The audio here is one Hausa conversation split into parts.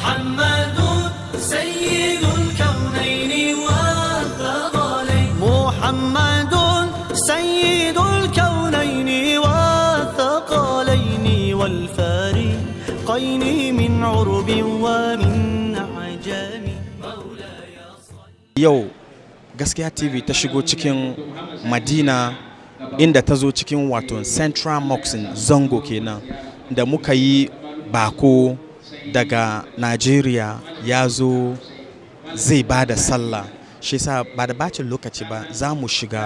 محمد سيد الكونين والثقلين محمد سيد الكونين والثقلين والفارقين من عرب ومن يو gaskiya tv ta shigo cikin madina inda ta zo cikin wato central moxin zango kenan da muka yi bako daga Najeriya ya zo zai ba da sallah shi sa ba da bacin lokaci ba za mu shiga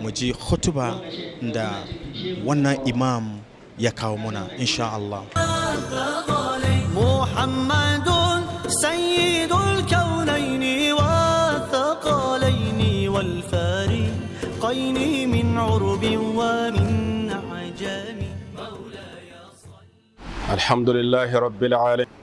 mu ji hutuba da wannan imam ya kawo muna insha Allah. الحمد لله رب العالمين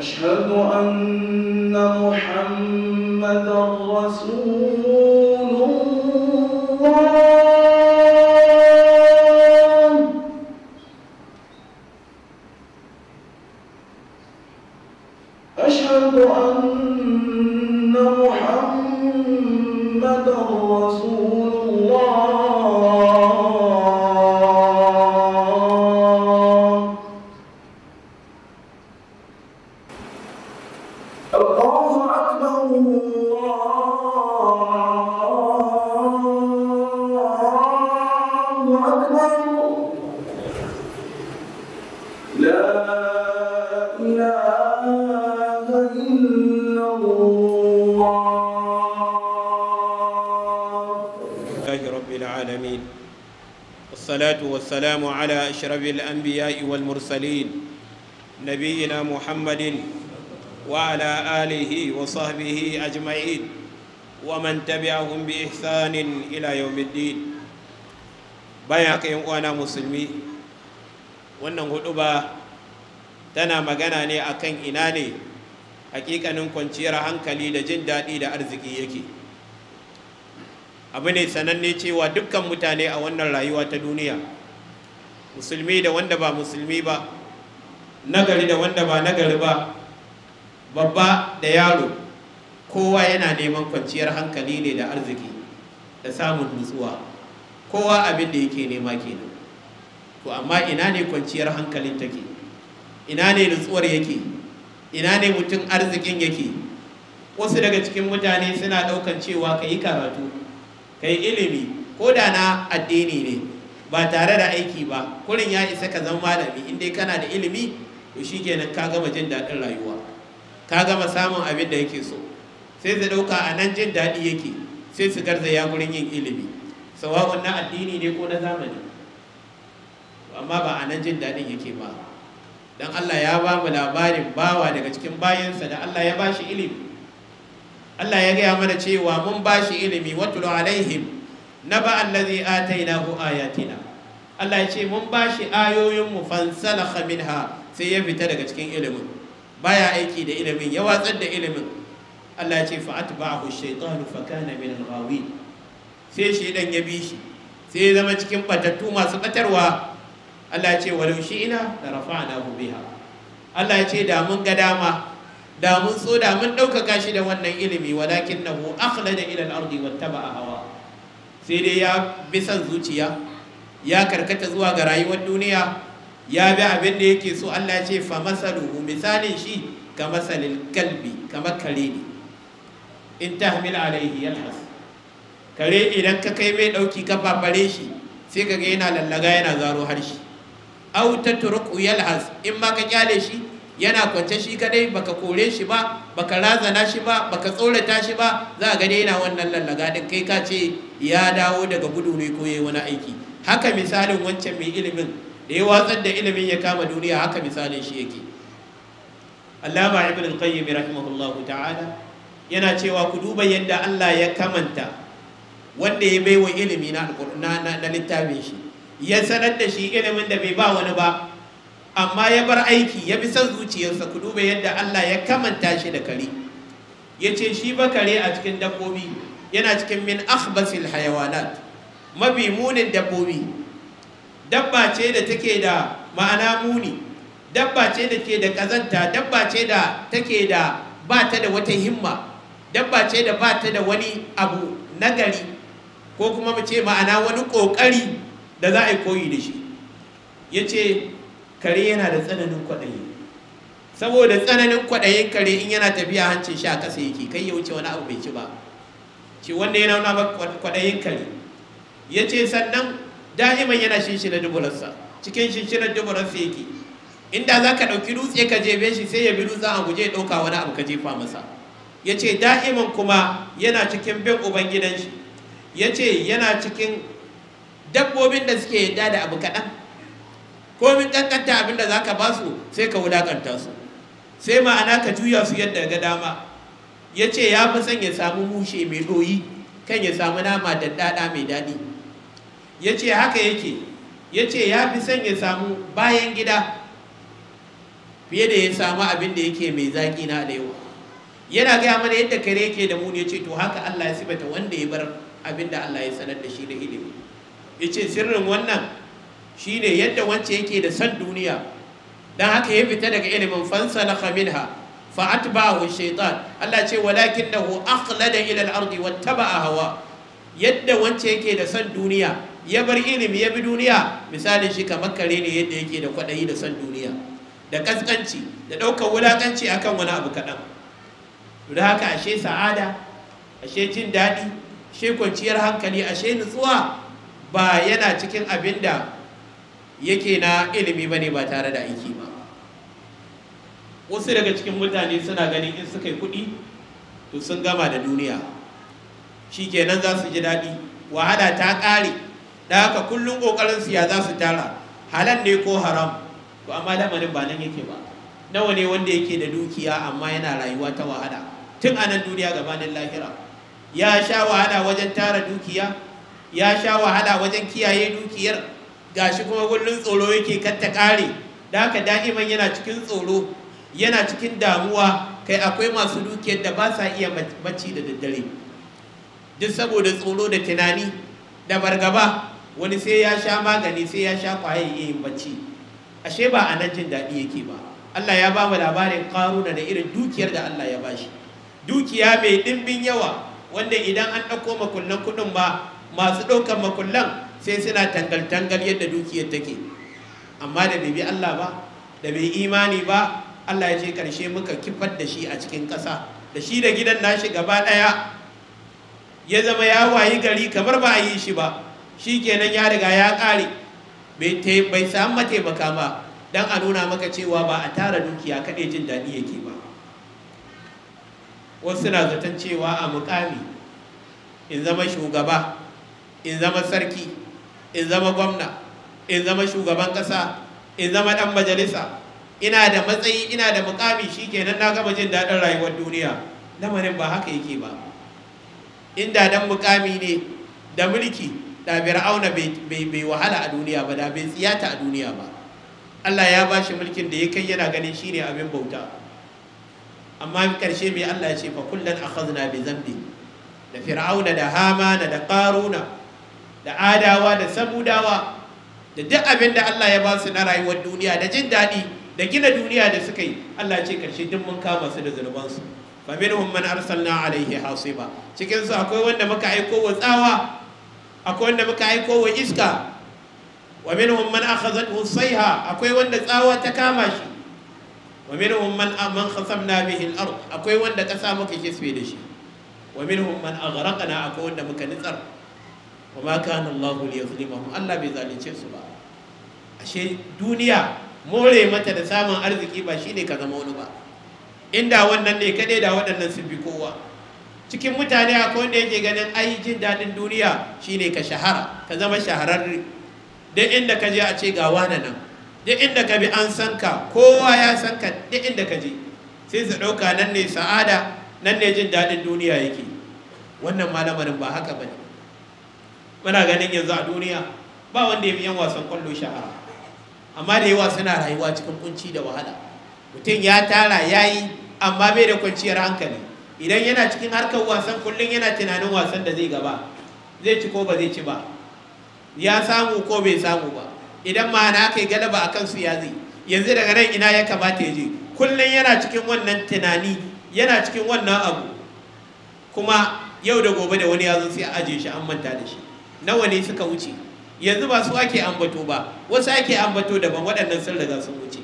أشهد أن محمدا رسول العالمين والصلاة والسلام على أشرف الأنبياء والمرسلين نبينا محمد وعلى آله وصحبه أجمعين ومن تبعهم بإحسان إلى يوم الدين بياك وانا مسلمي wannan hudu ba tana magana ne akan ina ne hakikanin kwanciyar hankali da jin daɗi da arziki yake abu ne sananne cewa dukkan mutane a wannan rayuwa ta duniya musulmi da wanda ba musulmi ba nagari da wanda ba nagari ba babba da yaro kowa yana neman kwanciyar hankali ne da arziki da samun nutsuwa kowa abin da yake nema kenan to amma ina ne kwanciyar hankalin take ina ne nutsuwar yake ina ne mutum arzikin yake wasu daga cikin mutane suna ɗaukan cewa ka yi karatu kai ilimi ko da na addini ne ba tare da aiki ba kurin ya isa ka zama malami in dai kana da ilimi to shikenan ka gama jin daɗin rayuwa ka gama samun abin da yake so sai su ɗauka a nan jin daɗi yake sai su garzaya gurin yin ilimi sawa'un na addini ne ko na zamani amma ba a nan jin daɗin yake ba don Allah ya ba mu labarin bawa daga cikin bayansa da Allah ya ba shi ilimi Allah ya gaya mana cewa mun bashi ilimi watul alaihim naba allazi atainahu ayatina Allah ya ce mun bashi ayoyin mu fansalakha minha sai ya fita daga cikin ilimin baya aiki da ilimin ya watsar da ilimin Allah ya ce fa atba'ahu shaytanu fa kana min al Sai shi shaydan ya bi shi sai ya zama cikin batattu masu batarwa Allah ya ce walau shi'ina la rafa'nahu biha Allah ya ce da mun ga dama da mun so da mun ɗaukaka shi da wannan ilimi walakin nahu akhlada da al-ardi a hawa sai dai ya bi son zuciya ya karkata zuwa ga rayuwar duniya ya bi abin da yake so Allah ya ce fa masaluhu misalin shi ka masalil kalbi kamar kare ne in tahmil alaihi yalhas kare idan ka kai mai ɗauki ka fafare shi sai ka ga yana lallaga yana zaro harshe au turuku yalhas in ma ka kyale shi yana kwance shi kadai baka kore shi ba baka razana shi ba baka tsorata shi ba za ga dai yana wannan lallaga din kai ka ce ya dawo daga gudu ne ko yayi wani aiki haka misalin wancan mai ilimin da ya watsar da ilimin ya kama duniya haka misalin shi yake Allama Ibn al-Qayyim rahimahullahu ta'ala yana cewa ku duba yadda Allah ya kamanta wanda ya baiwa ilimi na na littafin shi ya sanar da shi ilimin da bai ba wani ba amma ya bar aiki ya bi son zuciyarsa ku duba yadda Allah ya kamanta shi da kare ya ce shi ba kare a cikin dabbobi yana cikin min akhbasil hayawanat mabi munin dabbobi dabba ce da take da ma'ana muni dabba ce da ke da kazanta dabba ce da take da ba ta da wata himma dabba ce da ba ta da wani abu nagari ko kuma mu ce ma'ana wani kokari da za a yi koyi da shi ya ce kare yana da tsananin kwaɗayi saboda tsananin kwaɗayin kare in yana tafiya hancin shi a ƙasa yake kai ya wuce wani abu bai ci ba ci wanda yana nuna kwaɗayin kare ya ce sannan da'iman yana shinshinar duburarsa cikin shinshinar duburarsa yake inda za ka ɗauki dutse ka jebe shi sai ya bi dutsen a guje ɗauka wani abu ka jefa masa ya ce da'iman kuma yana cikin bin ubangidanshi ya ce yana cikin dabbobin da suke yadda da abu kaɗan komin kankanta abin da za ka ba su sai ka wulakanta su sai ma'ana ka juya su yadda ga dama ya ce ya fi son ya samu mushe mai ɗoyi kan ya samu nama da daɗa mai daɗi ya ce haka yake ya ce ya fi son ya samu bayan gida fiye da ya samu abin da yake mai zaƙi na da yau. yana gaya mana yadda kare yake da muni ya ce to haka allah ya sibata wanda ya bar abin da allah ya sanar da shi da ilimi ya ce sirrin wannan shine yadda wance yake da san duniya dan haka ya fita daga ilimin fansa fansalakha minha fa atba'ahu shaytan Allah ce walakinahu aqlada ila al-ardi wattaba'a hawa yadda wance yake da san duniya ya bar ilimi ya bi duniya misalin shi kamar kare ne yadda yake da kwaɗayi da san duniya da kaskanci da ɗaukar wulakanci akan wani abu kaɗan da haka ashe sa'ada ashe jin daɗi ashe kwanciyar hankali ashe nutsuwa ba yana cikin abin da yake na ilimi ba ne ba tare da aiki ba wasu daga cikin mutane suna ganin in suka yi kuɗi to sun gama da duniya shi kenan za su ji daɗi wahala ta ƙare da haka kullum ƙoƙarin siya za su tara halal ne ko haram to amma lamarin ba nan yake ba nawa ne wanda yake da dukiya amma yana rayuwa ta wahala tun a nan duniya gabanin lahira ya sha wahala wajen tara dukiya ya sha wahala wajen kiyaye dukiyar gashi kuma kullum tsoro yake katta kare da haka da'iman yana cikin tsoro yana cikin damuwa kai akwai masu dukiyar da ba sa iya bacci da daddare duk saboda tsoro da tunani da bargaba wani sai ya sha magani sai ya sha kwaye yin bacci ashe ba a nan jin daɗi yake ba Allah ya ba mu labarin karuna da irin dukiyar da Allah ya ba shi. dukiya mai ɗimbin yawa wanda idan an ɗauko makullan kuɗin ba masu ɗaukar makullan sai suna tangal-tangal yadda dukiyar take amma da bai bi Allah ba da bai imani ba Allah ya ce karshe muka kifar da shi a cikin ƙasa da shi da gidan nashi gaba ɗaya ya zama ya wayi gari kamar ba a yi shi ba shi kenan ya riga ya kare bai samu mataimaka ba don a nuna maka cewa ba a tara dukiya kaɗai jin daɗi yake ba wasu na zaton cewa a mukami in zama shugaba in zama sarki in zama gwamna in zama shugaban ƙasa in zama ɗan majalisa ina da matsayi ina da mukami shikenan na gama jin daɗin rayuwar duniya lamarin ba haka yake ba inda dan mukami ne da mulki da fir'auna bai bai wahala a duniya ba da bai tsiyata a duniya ba Allah ya ba shi mulkin da ya kai yana ganin shine abin bauta amma karshe mai Allah ya ce fa kullan akhadna bi zambi da fir'auna da hamana da qaruna da adawa da samudawa da duk abin da Allah ya ba su na rayuwar duniya da jin daɗi da gina duniya da suka yi Allah ce karshe duk mun kama su da zunubansu fa minhum man arsalna alaihi hasiba cikin su akwai wanda muka aiko wa tsawa akwai wanda muka aiko wa iska wa minhum man akhazathu sayha akwai wanda tsawa ta kama shi wa minhum man man khasamna bihi al-ard akwai wanda kasa muka kisbe da shi wa minhum man aghraqna akwai wanda muka nitsar wa ma kana Allah liyazlimahum Allah bai zalunce su ba ashe duniya more mata da samun arziki ba shine ka zama wani ba inda wannan ne kaɗai da waɗannan sun bi kowa cikin mutane akwai wanda yake ganin ai jin daɗin duniya shine ka shahara ka zama shahararre duk inda ka je a ce ga wani nan duk inda ka bi an san ka kowa ya san ka duk inda ka je sai su ɗauka nan ne sa'ada nan ne jin daɗin duniya yake wannan malamarin ba haka ba ne muna ganin yanzu a duniya ba wanda ya fi yan wasan kwallo shahara amma da yawa suna rayuwa cikin kunci da wahala mutum ya tara ya yi amma bai da kwanciyar hankali idan yana cikin harkar wasan kullum yana tunanin wasan da zai gaba zai ci ko ba zai ci ba ya samu ko bai samu ba idan ma na kai galaba akan su ya zai yanzu daga nan ina ya kamata ya je kullum yana cikin wannan tunani yana cikin wannan abu kuma yau da gobe da wani ya zo sai a ajiye shi an manta da shi nawa ne suka wuce yanzu ba su ake ambato ba wasu ake ambato daban waɗannan sun riga sun wuce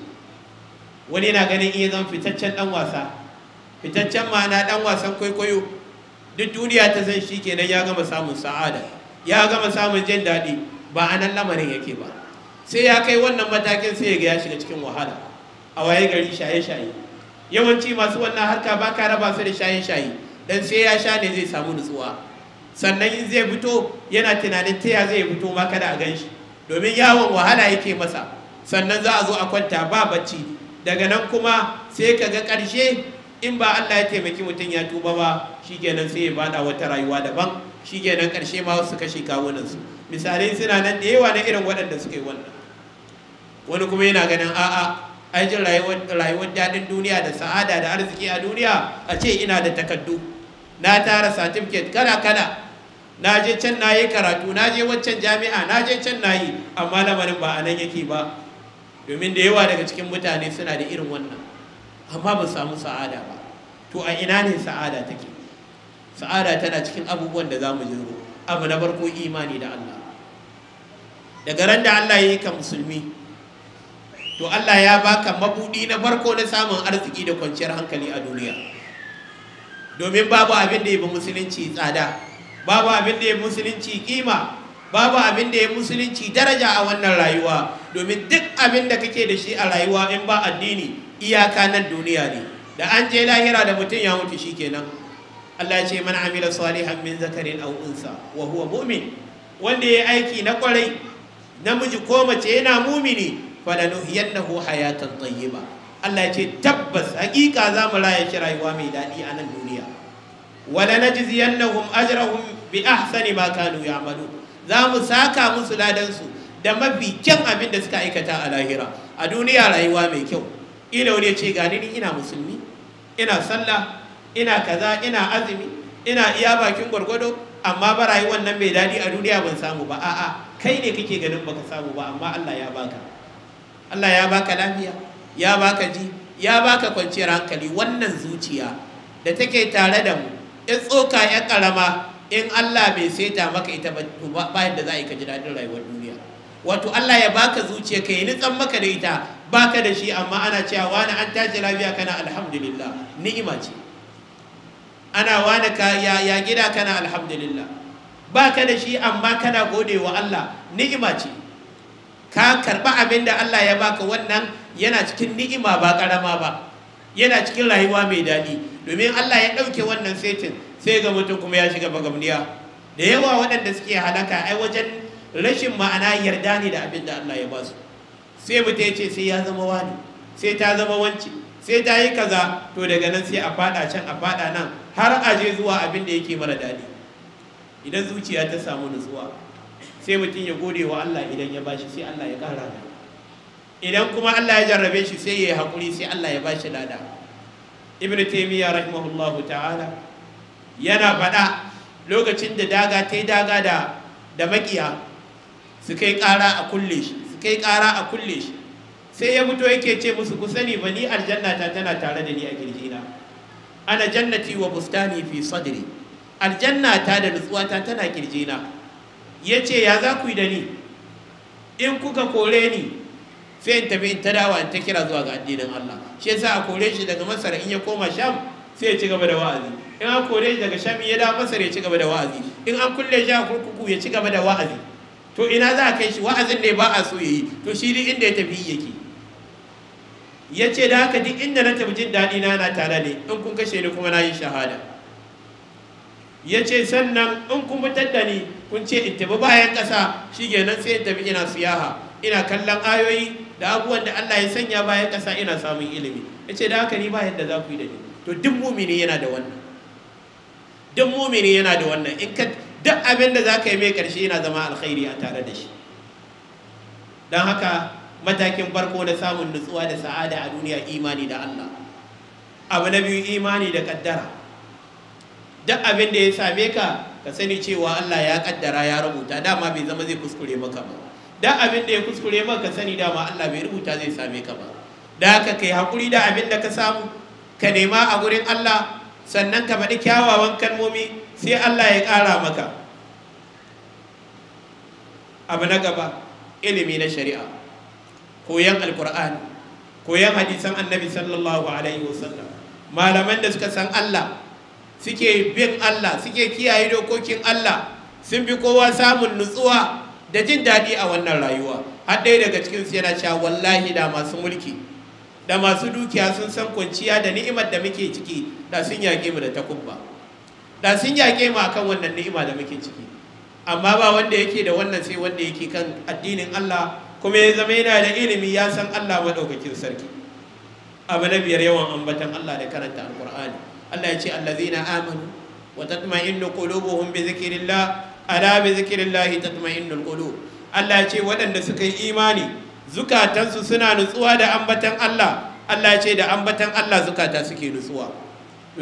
wani na ganin iya zan fitaccen ɗan wasa fitaccen ma'ana ɗan wasan kwaikwayo duk duniya ta san shi kenan ya gama samun sa'ada ya gama samun jin daɗi ba a nan lamarin yake ba sai ya kai wannan matakin sai ya ga ya shiga cikin wahala a waye gari shaye-shaye yawanci masu wannan harka ba ka raba su da shaye-shaye dan sai ya sha ne zai samu nutsuwa sannan in zai fito yana tunanin taya zai fito ma kada a shi domin yawon wahala yake masa sannan za a zo a kwanta ba bacci daga nan kuma sai ka ga karshe in ba Allah ya taimaki mutum ya tuba ba shi kenan sai ya bada wata rayuwa daban shi kenan ƙarshe ma wasu kashe kawunansu misalai suna nan da yawa na irin waɗanda suka yi wannan wani kuma yana ganin a'a ai jin rayuwar daɗin duniya da sa'ada da arziki a duniya a ce ina da takaddu na tara certificate kala kala na je can na yi karatu na je waccan jami'a na je can na yi amma lamarin ba a nan yake ba domin da yawa daga cikin mutane suna da irin wannan amma ba samu sa'ada ba to a ina ne sa'ada take sa'ada tana cikin abubuwan da za mu jiro abu na farko imani da Allah daga ran da Allah ya yi ka musulmi to Allah ya baka mabudi na farko na samun arziki da kwanciyar hankali a duniya domin babu abin da ya bi musulunci tsada babu abin da ya musulunci kima babu abin da ya musulunci daraja a wannan rayuwa domin duk abin da kake da shi a rayuwa in ba addini iyaka nan duniya ne da an je lahira da mutum ya mutu shikenan Allah ya ce man amila salihan min zakarin aw unsa wa huwa mu'min wanda ya aiki na kwarai namiji ko mace yana mumini falanuhiyannahu hayatan tayyiba Allah ya ce tabbas hakika za mu raya shi rayuwa mai daɗi a nan duniya wala najziyannahum ajrahum bi ahsani ma kanu ya'malu za mu saka musu ladan su da mafi kyan abin da suka aikata a lahira a duniya rayuwa mai kyau ila wani ya ce gani ni ina musulmi ina sallah ina kaza ina azumi ina iya bakin gwargwado amma ba rayuwar nan mai daɗi a duniya ban samu ba a'a kai ne kake ganin baka samu ba amma Allah ya baka Allah ya baka lafiya ya baka ji ya baka kwanciyar hankali wannan zuciya da take tare da mu in tsoka ya karama in Allah bai saita maka ita ba bayan da za a yi ka ji daɗin rayuwar duniya wato Allah ya baka zuciya ka yi nitsan maka da ita baka da shi amma ana cewa wani an tashi lafiya kana alhamdulillah ni'ima ce ana wani ka ya, ya gida kana alhamdulillah baka da shi amma kana gode wa Allah ni'ima ce ka karɓa abin da Allah ya baka wannan yana cikin ni'ima ba ƙarama ba yana cikin rayuwa mai daɗi domin Allah ya ɗauke wannan setin sai ga mutum kuma ya shiga bagabniya da yawa waɗanda suke halaka ai wajen rashin ma'ana yarda ne da abin da Allah ya ba su sai mutum ya ce sai ya zama wani sai ta zama wanci sai ta yi kaza to daga nan sai a fada can a fada nan har a je zuwa abin da yake mara daɗi idan zuciya ta samu nutsuwa sai mutum ya gode wa Allah idan ya bashi sai Allah ya ƙara mai idan kuma Allah ya jarrabe shi sai ya yi haƙuri sai Allah ya bashi lada ibnu taymiya rahimahullahu ta'ala yana faɗa lokacin da daga ta yi daga da da makiya su kai ƙara a kulle shi su kai ƙara a kulle shi sai ya mutu yake ce musu ku sani ba ni aljannata tana tare da ni a kirjina ana jannati wa bustani fi sadri aljannata da nutsuwata tana kirjina ya ce ya za ku yi da ni in kuka kore ni sai in tafi in ta dawa in ta kira zuwa ga addinin Allah shi yasa a kore shi daga masara in ya koma Sham sai ya ci gaba da wa'azi in an kore shi daga shami ya dawo masar ya ci gaba da wa'azi in an kulle shi a kurkuku ya ci gaba da wa'azi to ina za a kai shi wa'azin ne ba a so ya yi to shi duk inda ya tafi yake ya ce da haka duk inda na tafi jin daɗi na na tare ne in kun kashe ni kuma na yi shahada ya ce sannan in kun fitar da ni kun ce in tafi bayan ƙasa shi kenan sai in tafi ina siyaha ina kallon ayoyi da abubuwan da Allah ya sanya bayan ƙasa ina samun ilimi ya ce da haka ni ba yadda za ku yi da ni to duk mumini yana da wannan duk mumini yana da wannan in ka duk abin da za ka yi mai ƙarshe yana zama alkhairi a tare da shi don haka matakin farko da samun nutsuwa da sa'ada a duniya imani da Allah abu na biyu imani da kaddara duk abin da ya same ka ka sani cewa Allah ya kaddara ya rubuta dama bai zama zai kuskure maka ba duk abin da ya kuskure maka ka sani dama Allah bai rubuta zai same ka ba da haka kai hakuri da abin da ka samu ka nema a gurin Allah sannan ka faɗi kyawawan kalmomi sai Allah ya ƙara maka abu na gaba ilimi na shari'a koyan alkur'ani koyan hadisan annabi sallallahu alaihi wasallam malaman da suka san Allah suke bin Allah suke kiyaye dokokin Allah sun bi kowa samun nutsuwa da jin daɗi a wannan rayuwa har ɗaya daga cikinsu yana cewa wallahi da masu mulki da masu dukiya sun san kwanciya da ni'imar da muke ciki da sun yaƙe mu da takubba da sun yaƙe mu akan wannan ni'ima da muke ciki amma ba wanda yake da wannan sai wanda yake kan addinin Allah kuma ya zama yana da ilimi ya san Allah maɗaukakin sarki abu na biyar yawan ambatan Allah da karanta alƙur'ani Allah ya ce allazina amanu wa tatma'innu qulubuhum bi zikrillah ala bi zikrillah tatma'innul qulub Allah ya ce waɗanda suka yi imani zukatansu suna nutsuwa da ambatan Allah Allah ce da ambatan Allah zukata suke nutsuwa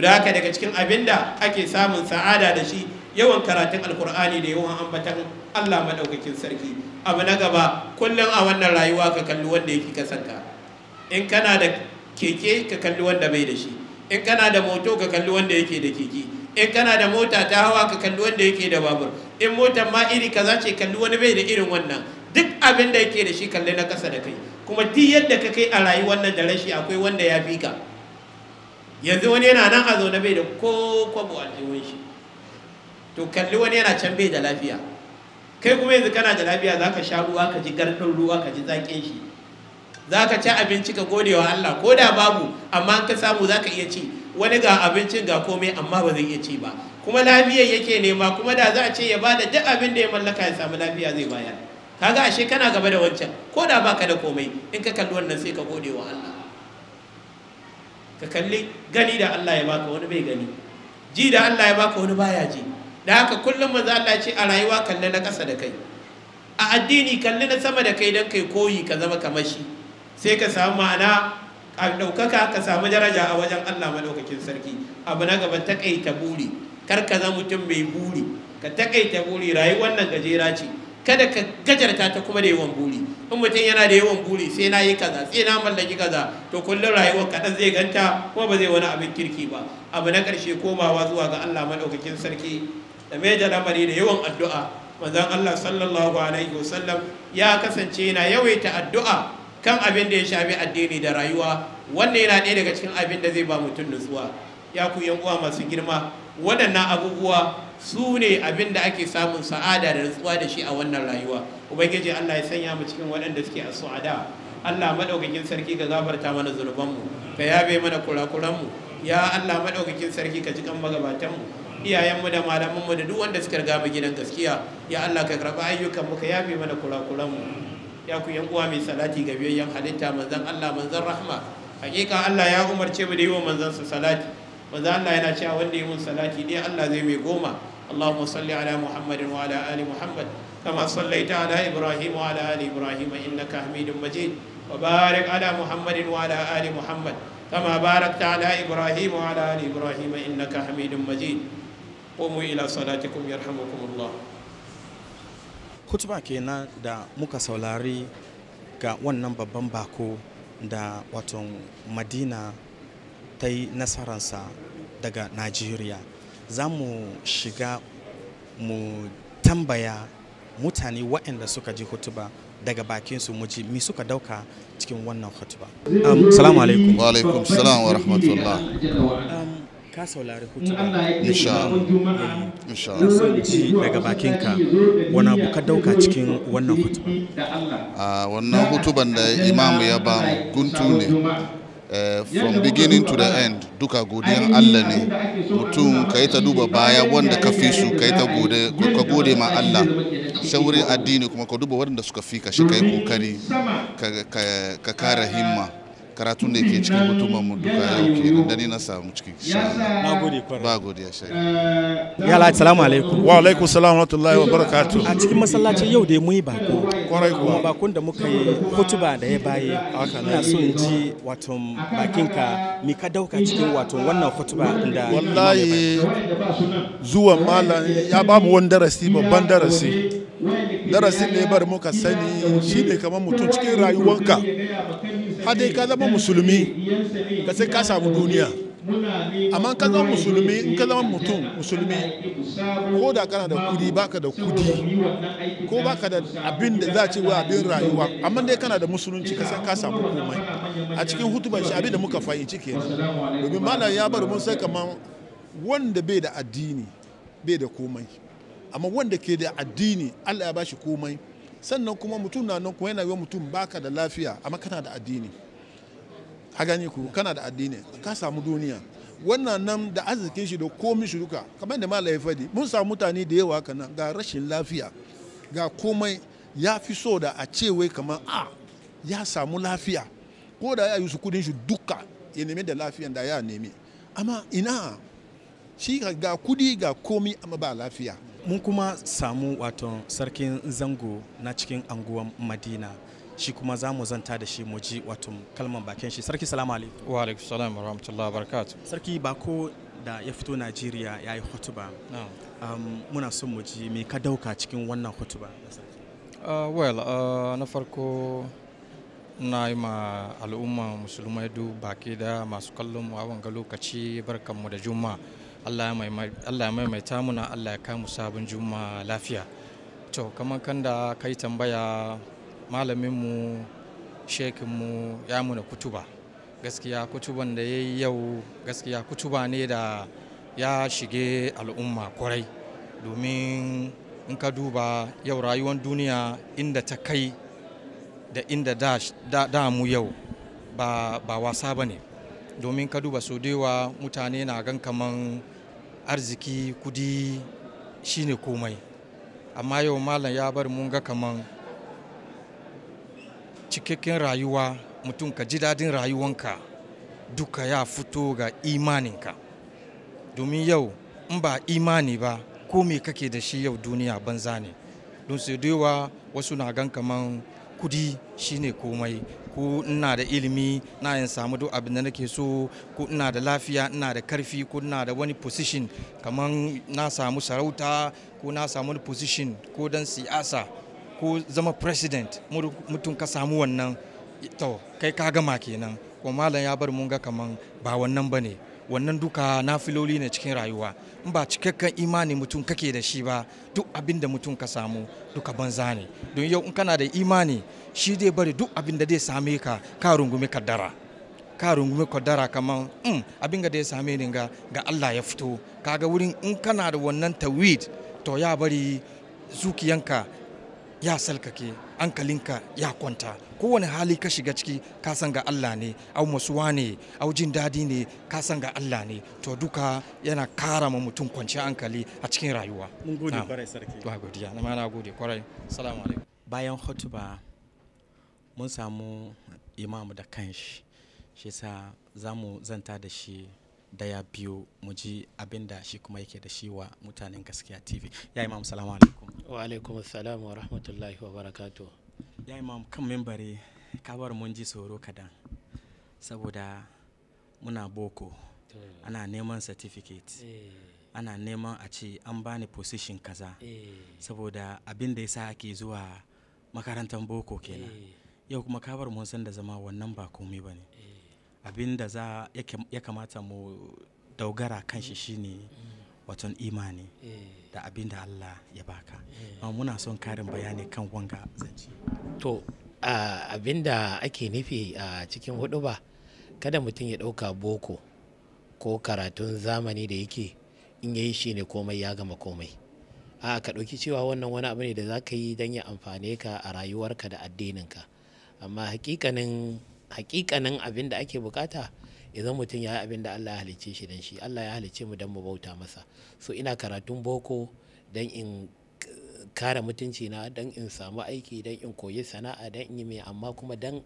da haka daga cikin abinda ake samun sa'ada da shi yawan karatun alkur'ani da yawan ambatan Allah madaukakin sarki abu na gaba kullum a wannan rayuwa ka kalli wanda yake kasanta in kana da keke ka kalli wanda bai da shi in kana da moto ka kalli wanda yake da keke in kana da mota ta hawa ka kalli wanda yake da babur in motar ma iri kaza ce kalli wani bai da irin wannan duk abin da yake da shi kalli na kasa da kai kuma duk yadda ka kai a rayuwar nan da rashi akwai wanda ya fi ka yanzu wani yana nan a zaune bai da ko kwabo aljihun shi to kalli wani yana can bai da lafiya kai kuma yanzu kana da lafiya za ka sha ruwa ka ji garɗin ruwa ka ji zaƙin shi za ka ci abinci ka gode wa Allah ko da babu amma ka samu za ka iya ci wani ga abincin ga komai amma ba zai iya ci ba kuma lafiyar yake nema kuma da za a ce ya bada duk abin da ya mallaka ya samu lafiya zai bayar kaga ashe kana gaba da wancan ko da baka da komai in ka kalli wannan sai ka gode wa Allah ka kalli gani da Allah ya baka wani bai gani ji da Allah ya baka wani baya ji da haka kullum manzo Allah ce a rayuwa kalli na kasa da kai a addini kalli na sama da kai dan kai koyi ka zama kamar shi sai ka samu ma'ana a ɗaukaka ka samu daraja a wajen Allah madaukakin sarki abu na gaba taƙaita buri kar ka zama mutum mai buri ka takaita buri rayuwar nan gajera ce kada ka gajarta ta kuma da yawan buri in mutum yana da yawan buri sai na yi kaza sai na mallaki kaza to kullum rayuwar kaɗan zai ganta kuma ba zai wani abin kirki ba abu na ƙarshe komawa zuwa ga Allah maɗaukakin sarki da mai da lamari da yawan addu'a manzon Allah sallallahu alaihi wasallam ya kasance yana yawaita addu'a kan abin da ya shafi addini da rayuwa wannan yana ɗaya daga cikin abin da zai ba mutum nutsuwa ya ku yan uwa masu girma waɗannan abubuwa su ne abin da ake samun sa'ada da rantsuwa da shi a wannan rayuwa ubangiji Allah ya sanya mu cikin waɗanda suke a su'ada Allah madaukakin sarki ka gafarta mana zunubanmu ka yabe mana kurakuranmu ya Allah madaukakin sarki ka ji kan magabatanmu iyayenmu da malamanmu da duk wanda suka riga mu gidan gaskiya ya Allah ka karba ayyukan mu ka yabe mana kurakuranmu ya ku yan uwa mai salati ga biyayyan halitta manzon Allah manzon rahma hakika Allah ya umarce mu da yi wa manzansa salati manzon Allah yana cewa wanda yi mun salati ne Allah zai mai goma اللهم صل على محمد وعلى آل محمد كما صليت على إبراهيم وعلى آل إبراهيم إنك حميد مجيد وبارك على محمد وعلى آل محمد كما باركت على إبراهيم وعلى آل إبراهيم إنك حميد مجيد قوموا إلى صلاتكم يرحمكم الله kutuba kenan da muka saurari ga wannan babban bako da waton madina ta yi nasararsa daga najeriya za mu shiga mu tambaya mutane waɗanda suka ji hutuba daga bakin su muji mi suka dauka cikin wannan hutuba. Um, salamu alaikum. Wa alaikum salam wa rahmatullah. Um, ka saurari hutuba. Insha Allah. Insha Allah. ji daga bakin ka wani abu ka dauka cikin wannan hutuba. Uh, wannan hutuban da imamu ya ba guntu ne. Uh, from beginning to the end duka godiyan Allah ne mutum ka yi ta duba baya wanda ka fi su ka yi ta gode ka gode ma Allah saurin addini kuma ka duba waɗanda suka fi ka shi ka yi kokari ka kara himma Karatu da ke cikin mutumin mu duka ya ke da ni na samu cikin na gode kwarai ba godiya shari yala assalamu alaikum wa alaikum salam wa rahmatullahi wa barakatu. a cikin masallacin yau da mun yi bako kwarai kuma bakon da muka yi kutuba da ya baye ina so in ji wato bakinka mi ka dauka cikin wato wannan kutuba da wallahi zuwa malam ya babu wani darasi babban darasi darasin ne bar muka sani shine kamar mutum cikin rayuwanka har dai ka zama musulmi ka sai ka samu duniya amma ka zama musulmi in ka zama mutum musulmi ko da kana da kudi baka da kudi ko baka da abin da za a ce wa abin rayuwa amma dai kana da musulunci ka san ka samu komai a cikin hutuban shi abin da muka fahimci kenan domin malam ya bar mun sai kaman wanda bai da addini bai da komai amma wanda ke da addini Allah ya bashi komai sannan kuma mutum na nan kuma yana mutum baka da lafiya amma kana da addini a gani ku kana da addini ka samu duniya wannan nan da arzikin shi da komi shi duka kamar da malai fadi mun samu mutane da yawa kana ga rashin lafiya ga komai ya fi so da a ce wai kamar a ya samu lafiya ko da ya yi su kudin shi duka ya nemi da lafiya da ya nemi amma ina shi ga kudi ga komi amma ba lafiya mun kuma samu wato sarkin zango na cikin anguwan madina shi kuma za mu zanta da shi mu ji wato kalman bakin shi sarki salamu alaikum wa alaikum salam wa rahmatullahi wa sarki bako da ya fito najeriya ya yi hutuba muna son mu ji me ka dauka cikin wannan hutuba uh, well uh, na farko na yi ma al'umma musulmai du baki da masu kallon mu a wanga lokaci barkanmu da juma'a Allah ya maimaita muna Allah ya kamu sabon juma lafiya to kamar kan da ka yi tambaya malaminmu shekinmu ya muna kutuba gaskiya kutuban da ya yi yau gaskiya kutuba ne da ya shige al'umma kwarai domin in ka duba yau rayuwar duniya inda ta kai da inda da, mu yau ba, wasa ba ne domin ka duba so mutane na gan kaman arziki kudi shine komai amma yau malam ya bar mun ga kaman cikakken rayuwa mutum ka ji dadin rayuwanka duka ya fito ga imaninka domin yau in ba imani ba ko me kake da shi yau duniya banza ne don sai wasu na gan kaman kudi shine komai ko ina da ilimi na yin samu duk abin da nake so ko ina da lafiya ina da karfi ko ina da wani position kamar na samu sarauta ko na samu wani position ko dan siyasa ko zama president mutum ka samu wannan to kai ka gama kenan kuma malam ya bar mun ga kaman ba wannan bane wannan duka na filoli ne cikin rayuwa in ba cikakken imani mutum kake da shi ba duk abin da mutum ka samu duka banza ne don yau in kana da imani shi zai bari duk abin da zai same ka ka rungumi kaddara ka rungumi kaddara kamar mm, abin da ya same ni ga Allah ya fito kaga wurin in kana da wannan tawid to ya bari zukiyanka ya salkake hankalinka ya kwanta kowane hali ka shiga ciki ka san ga Allah ne au masuwa ne au jin dadi ne ka san ga Allah ne to duka yana kara ma mutum kwanci hankali a cikin rayuwa mun gode kwarai sarki ba godiya na ma na gode kwarai assalamu alaikum bayan hutuba mun samu imamu da kanshi shi sa za mu zanta da shi daya biyu mu ji abin da shi kuma yake da shi wa mutanen gaskiya tv ya imamu salamu alaikum wa alaikum salamu wa rahmatullahi wa barakatu ya imam kan membari kabar mun ji tsoro kadan saboda muna boko eh. ana neman certificate eh. ana neman a ce an bani position kaza eh. saboda abin da ya sa ake zuwa makarantar boko kenan yau kuma kabar mun san da zama wannan ba komai ba ne eh. abin da za ya kamata mu daugara kan shi mm. shine mm. waton imani eh. da abin da Allah ya baka eh. amma muna son karin bayani kan wanga zance to abin da ake nufi a cikin hudu ba kada mutum ya dauka boko ko karatun zamani da yake in yi shi ne komai ya gama komai a ka ɗauki cewa wannan wani abu ne da za ka yi don ya amfane ka a rayuwarka da addininka amma hakikanin abin da ake bukata idan mutum ya yi abin da Allah ya halicce shi dan shi Allah ya halicce mu dan mu bauta masa so ina karatun boko dan in kare mutunci na dan in samu aiki dan in koyi sana'a dan in yi mai amma kuma dan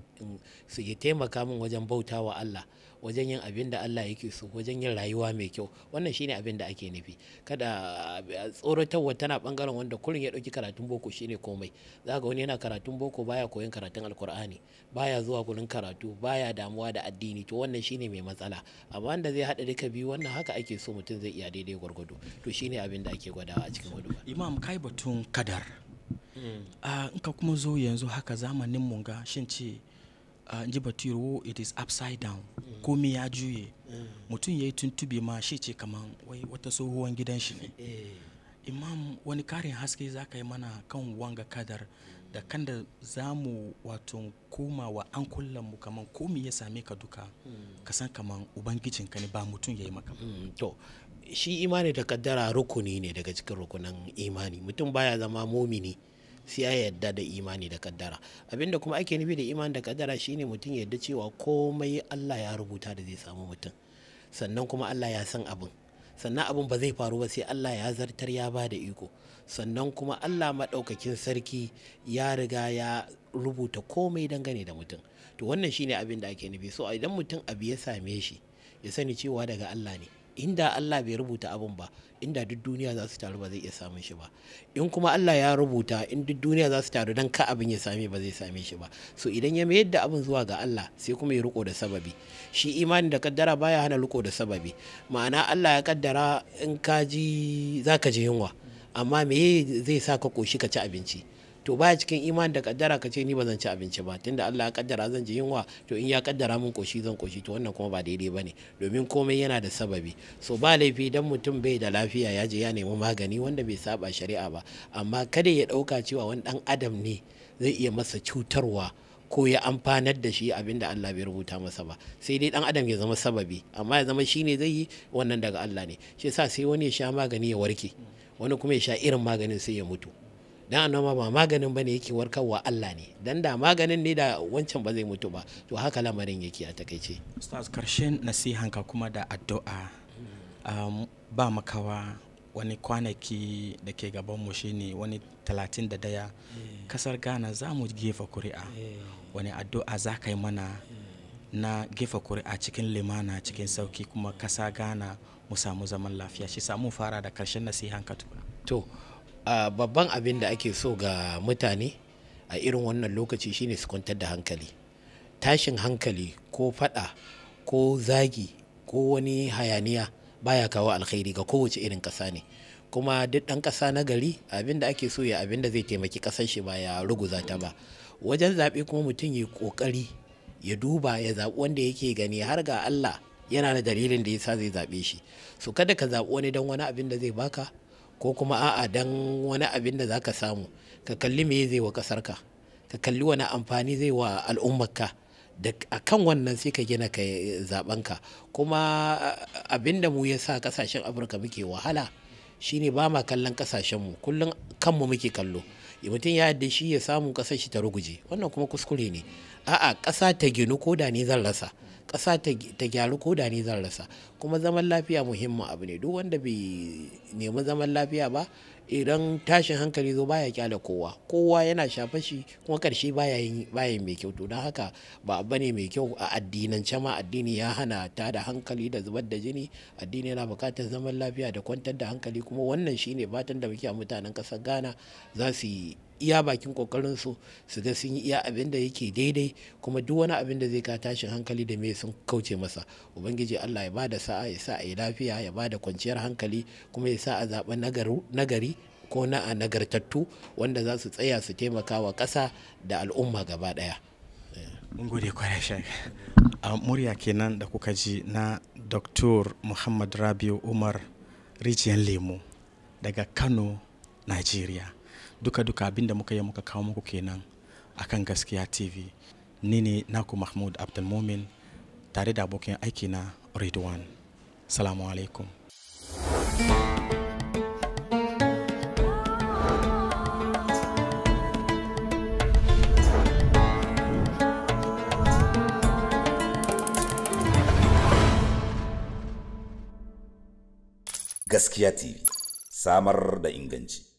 su yi taimaka min wajen bauta wa Allah wajen yin abin da Allah yake so wajen yin rayuwa mai kyau wannan shine abin da ake nufi kada tsoratarwa tana bangaren wanda kullum ya dauki karatun boko shine komai zaka wani yana karatun boko baya koyon karatun alkur'ani baya zuwa gurin karatu baya damuwa da addini to wannan shine mai matsala amma wanda zai hada duka biyu wannan haka ake so mutum zai iya daidai gwargwado to shine abin da ake gwadawa a cikin hudu imam kai batun kadar mm. in ka kuma zo yanzu haka zamanin munga shin ce in ji batiro it is upside down mm. komai ya juye mm. mutum ya yi tuntube ma shi ce kaman wai wata tsohuwan gidan shi ne eh. imam wani karin haske za ka yi mana kan wanga kadar da kan da za mu wato komawa an mu kaman komi ya same ka duka mm. kasan san ubangijin ka ne ba mutum ya yi maka mm, to shi imani da kaddara rukuni ne daga cikin rukunan imani mutum baya zama mumini sai ya yarda da imani da kaddara abinda kuma ake nufi da imani da kaddara shine mutum ya yarda cewa komai Allah ya rubuta da zai samu mutum sannan kuma Allah ya san abin sannan abin ba zai faru ba sai Allah ya zartar ya ba da iko sannan kuma Allah maɗaukakin sarki ya riga ya rubuta komai dangane da mutum to wannan shine abin da ake nufi so idan mutum abu ya same shi ya sani cewa daga Allah ne inda Allah bai rubuta abin ba inda duk duniya za su taru ba zai iya samun shi ba in kuma Allah ya rubuta in duk duniya za su taru dan ka abin ya same ba zai same shi ba so idan ya mayar da abin zuwa ga Allah sai kuma ya riko da sababi shi imani da kaddara baya hana riko da sababi ma'ana Allah ya kaddara in ka ji zaka ji yunwa amma me zai sa ka koshi ka ci abinci to ba cikin imani da kaddara ka ce ni ba zan ci abinci ba tunda Allah ya kaddara zan ji yunwa to in ya kaddara mun koshi zan koshi to wannan kuma ba daidai bane domin komai yana da sababi so ba laifi dan mutum bai da lafiya ya je ya nemi magani wanda bai saba shari'a ba amma kada ya dauka cewa wani dan adam ne zai iya masa cutarwa ko ya amfanar da shi abin da Allah bai rubuta masa ba sai dai dan adam ya zama sababi amma ya zama shine zai yi wannan daga Allah ne shi yasa sai wani ya sha magani ya warke wani kuma ya sha irin maganin sai ya mutu dan annoma ba maganin bane yake warkarwa Allah ne dan da maganin ne da wancan ba zai mutu ba to haka lamarin yake a takaice ustaz karshen nasihanka kuma da addu'a um, ba makawa wani kwanaki da ke gaban mu shine wani 31 eh. kasar ghana za mu gefa kuri'a eh. wani addu'a za ka yi mana eh. na gefa kuri'a cikin limana cikin sauki kuma kasa ghana mu samu zaman lafiya shi samu fara da karshen nasihan ka to a babban abin da ake so ga mutane a irin wannan lokaci shine su kwantar da hankali tashin hankali ko fada ko zagi ko wani hayaniya baya kawo alkhairi ga kowace irin ƙasa ne kuma duk ɗan ƙasa na gari abin da ake so ya abin da zai taimaki ƙasar shi ba ya ruguza ta ba wajen zaɓe kuma mutum ya ƙoƙari ya duba ya zaɓi wanda yake gani har ga Allah yana da dalilin da ya sa zai zaɓe shi so kada ka zaɓi wani don wani abin da zai baka ko kuma a'a dan wani abin da za ka samu ka kalli me zai wa ƙasarka ka kalli wani amfani zai wa al'ummarka da a kan wannan sai ka gina ka zaɓenka kuma abin da mu ya sa ƙasashen afirka muke wahala shine ba ma kallon ƙasashenmu kullum kanmu muke kallo mutum ya yadda shi ya samu ƙasar shi ta ruguje wannan kuma kuskure ne a'a ƙasa ta ginu ko da ne zan rasa ƙasa ta gyaru ko da ni zan rasa kuma zaman lafiya muhimmin abu ne duk wanda bai nemi zaman lafiya ba idan tashin hankali zo baya kyale kowa kowa yana shafa shi kuma karshe baya yin mai kyau to don haka ba abu ne mai kyau a addinance ma addini ya hana ta da hankali da zubar da jini addini yana buƙatar zaman lafiya da kwantar da hankali kuma wannan shine fatan da muke a mutanen ƙasar Ghana za su yi iya bakin kokarin su su ga sun yi iya abin da yake daidai kuma duk wani abin da zai ka tashin hankali da me sun kauce masa ubangiji Allah ya bada sa'a ya sa a yi lafiya ya bada kwanciyar hankali kuma ya sa a zaɓa nagari ko na a nagartattu wanda za su tsaya su taimaka wa ƙasa da al'umma gaba ɗaya. mun gode kwarai a murya kenan da kuka ji na dr muhammad rabiu umar rijiyar lemo daga kano nigeria duka duka abinda muka yi muka kawo muku kenan akan gaskiya tv ni ne naku mahmud abdulmumin tare da abokin aiki na one salamu alaikum gaskiya tv samar da inganci